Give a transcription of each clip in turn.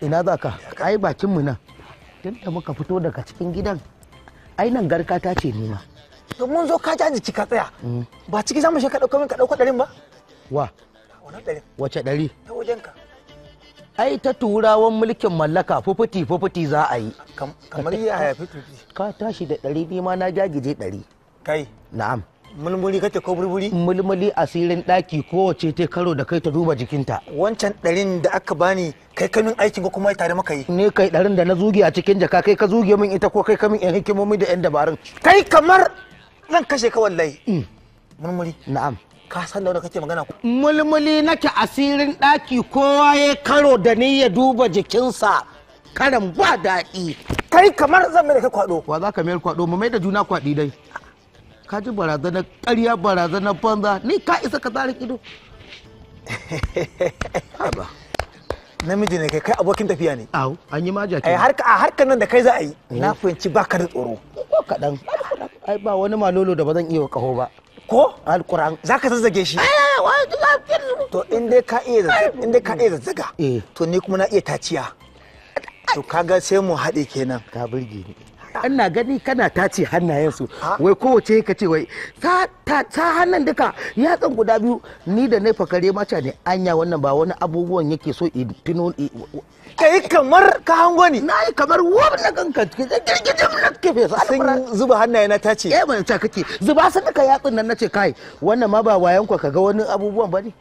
ina za ka ai bakinmu nan tun da muka fito daga cikin gidan ai nan garkata ce nima to mun zo ka jaji ka tsaya mm. ba ciki zamu shi ka dauko min ka dauko ɗarin ba wa wace ɗari ta wajen ka ai ta turawan mulkin mallaka fufuti fufuti za a yi kamar ya haifi ka tashi da ɗari ni ma na jagije ɗari kai na'am mulmuli kake ko burburi mulmuli asirin daki kowace ta karo da kai ta duba jikinta wancan ɗarin da aka bani kai kamin aikin ko kuma ya tare maka yi ne kai ɗarin da na zuge a cikin jaka kai ka zuge min ita ko kai kamin yan hikimomi da yan dabarun kai kamar zan kashe ka wallahi mm. mulmuli na'am ka san da wanda kake magana ko mulmuli nake asirin daki kowa ya karo da ni ya duba jikinsa karan ba daɗi kai kamar zan mai da kai kwado wa za ka mayar kwado mu mai da juna kwaɗi dai ka ji barazanar ƙarya barazanar banza ni ka isa ka tsara ido haba namiji ne kai kai abokin tafiya ne au an yi maja ke eh, har a harkar nan da kai za a yi eh. na fahimci baka da tsoro ko kadan ai ba wani malolo da ba zan iya kaho ba ko alquran zaka zazzage shi to in dai ka iya in dai ka iya zazzaga eh. to ni kuma na iya taciya to kaga sai mu haɗe kenan ka burge ni ina gani kana tace hannayensu wai kowace ka ce wai ta hannun duka yatsan guda biyu ni da na fakare maca ne anya wannan ba wani abubuwan yake so tuno yi kamar ka hango ni na yi kamar wani ganka girgijin na kefe su sun zuba hannaye na tace eh ban ta kake zuba sun duka yatsun nan nace kai wannan ma ba wayan ka ga wani abubuwan bane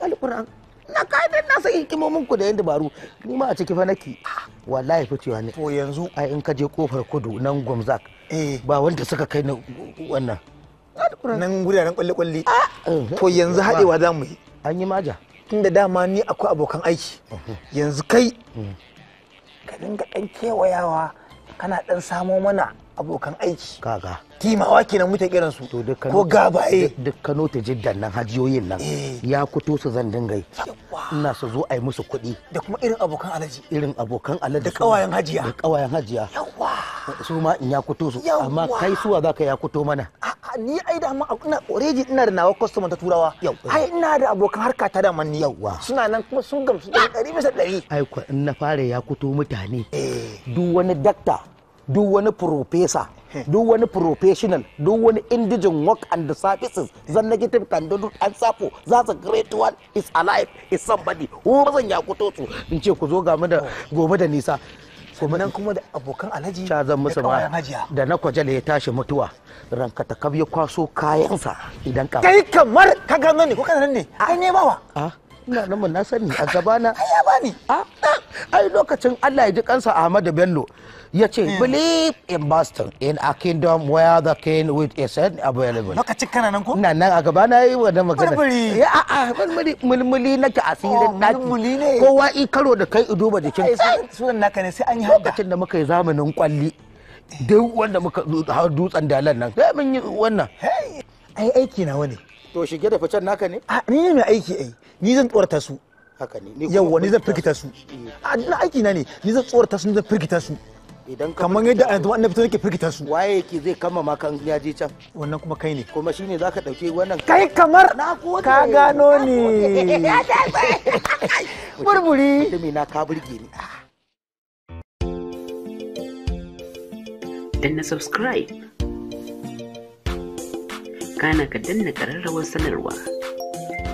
alquran na kayan na san hikimomin ku da yan dabaru ni ma a ciki fa nake wallahi cewa ne to yanzu ai in ka je kofar kudu nan gwamzak eh. ba wanda suka kai na wannan nan guraren kwalle kwalle ah, eh. to yanzu hadewa za mu yi an yi maja tunda dama ni akwai abokan aiki mhm. yanzu kai mhm. ka dinga dan kewayawa kana dan samo mana abokan aiki kaga timawa kenan muke kiran su ko gabaye dukkan ta jiddan nan hajiyoyin nan eh. ya kuto su zan dinga ina su zo ai musu kuɗi da kuma irin abokan alaji irin abokan alaji da kawayen hajiya da kawayen hajiya yawa su ma in ya kuto su amma kai suwa zaka ya kuto mana ni ai da ma ina already ina da nawa customer ta turawa yau ai ina da abokan harka ta da manni yawa suna nan kuma sun gamsu da 100 bisa 100 ai in na fara ya kuto mutane eh. duk wani dakta duk wani professor duk wani professional duk wani indigen work and the services zan negative da do an sapo za su great one is alive is somebody who zan ya kuto su in ce ku zo ga mu da gobe da nisa nan kuma da abokan alhaji ta zan musu ba da na kwajala ya tashi mutuwa ranka ta ya kwaso kayansa idan ka kai kamar ka nan ne ko kana ne ai ne bawa a ah. ina nan mun na sani a gabana ai ya bani a ah. ai lokacin Allah ya ji kansa Ahmadu Bello ya ce hmm. believe in Boston in a kingdom where the king with a said available lokacin kana nan ko nan nan a gaba na yi wannan magana ya a a mulmuli mulmuli naki asirin oh, naki mulmuli ne kowa i karo da kai duba jikin sunan naka ne sai an yi lokacin da muka yi zamanin kwalli duk wanda muka dutsen dalan nan sai mun yi wannan ai aiki na wani to shige da ficen naka ne ni ne mai aiki ai ni zan tsorata su haka ne yawwa ni zan firgita su eh. a na aiki na ne ni zan tsorata su ni zan firgita su idan kamar yadda a yanzu annabi yake firgita su waye yake zai kama ma kan ya je can wannan kuma kai ne kuma shine zaka dauke wannan kai kamar ka gano ne! burburi mutumi na ka burge ni ah. danna subscribe kana ka danna kararrawar sanarwa